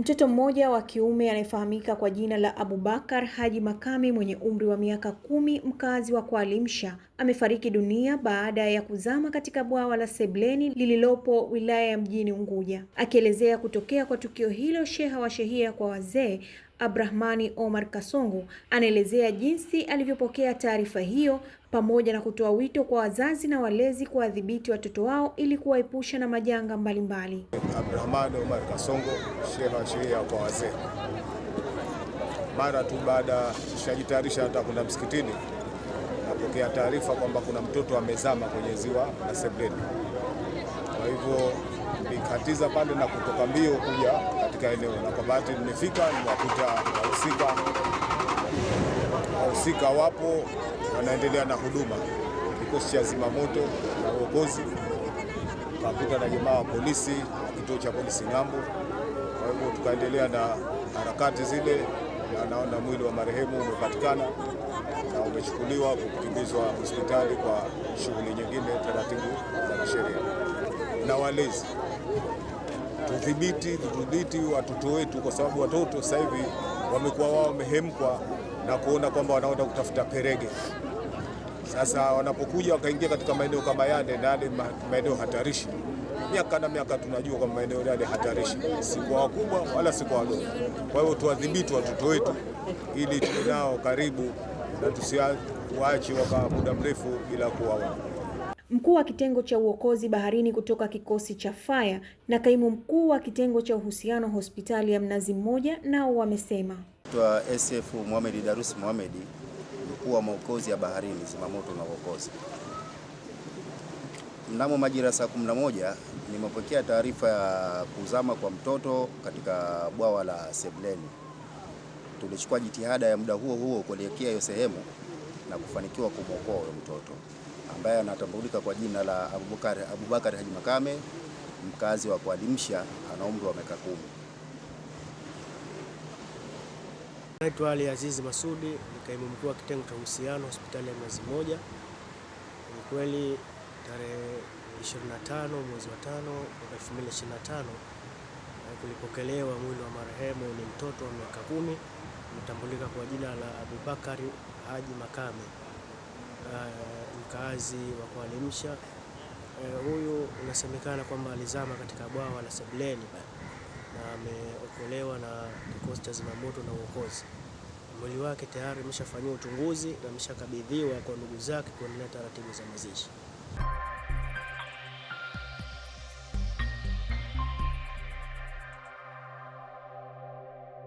Mtoto mmoja wa kiume anayefahamika kwa jina la Abubakar Haji Makame mwenye umri wa miaka kumi, mkazi wa Kwalimsha, amefariki dunia baada ya kuzama katika bwawa la Sebleni lililopo wilaya ya Mjini Unguja. Akielezea kutokea kwa tukio hilo, sheha wa shehia kwa wazee Abdrahmani Omar Kasongo anaelezea jinsi alivyopokea taarifa hiyo pamoja na kutoa wito kwa wazazi na walezi kuwadhibiti watoto wao ili kuwaepusha na majanga mbalimbali. Abrahmani Omar Kasongo, shehe wa sheria kwa wazee. Mara tu baada tushajitayarisha hata kwenda msikitini ilitokea taarifa kwamba kuna mtoto amezama kwenye ziwa la Sebleni. Kwa hivyo nikatiza pale na kutoka mbio kuja katika eneo, na kwa bahati nimefika, niwakuta wahusika. Wahusika wapo wanaendelea na huduma, kikosi cha zimamoto na uokozi, kakuta na jamaa wa polisi, kituo cha polisi Ng'ambo. Kwa hivyo tukaendelea na harakati zile anaona mwili wa marehemu umepatikana na umechukuliwa kukimbizwa hospitali kwa shughuli nyingine, taratibu za kisheria. Na walezi, tudhibiti, tudhibiti watoto wetu, kwa sababu watoto sasa hivi wamekuwa wao wamehemkwa na kuona kwamba wanaenda kutafuta perege. Sasa wanapokuja wakaingia katika maeneo kama yale na yale maeneo hatarishi miaka na miaka tunajua kwamba maeneo yale hatarishi, si kwa wakubwa wala si kwa wadogo. Kwa hiyo tuwadhibiti watoto wetu ili tuwe nao karibu na tusiwaache waka muda mrefu bila kuwawa. Mkuu wa kitengo cha uokozi baharini kutoka kikosi cha faya na kaimu mkuu wa kitengo cha uhusiano hospitali ya Mnazi Mmoja nao wamesema. Twa SF Mohamed Darus Mohamed, mkuu wa maokozi ya baharini, zimamoto na uokozi Mnamo majira saa kumi na moja nimepokea taarifa ya kuzama kwa mtoto katika bwawa la Sebleni. Tulichukua jitihada ya muda huo huo kuelekea hiyo sehemu na kufanikiwa kumwokoa huyo mtoto ambaye anatambulika kwa jina la Abubakar, Abubakar Haji Makame, mkazi wa Kuadimsha, ana umri wa miaka kumi. Naitwa Ali Azizi Masudi, ni kaimu mkuu wa kitengo cha uhusiano hospitali ya Mwezi Mmoja. Ni kweli tarehe 25 mwezi wa 5 mwaka 2025 kulipokelewa mwili wa marehemu. Ni mtoto wa miaka kumi, mtambulika kwa jina la Abubakari Haji Makame, eh, mkaazi wa Kualimsha. Eh, huyu unasemekana kwamba alizama katika bwawa la Sebleni na ameokolewa na kikosi cha zimamoto na uokozi. Mwili wake tayari ameshafanyiwa uchunguzi na ameshakabidhiwa kwa ndugu zake kuendelea taratibu za mazishi.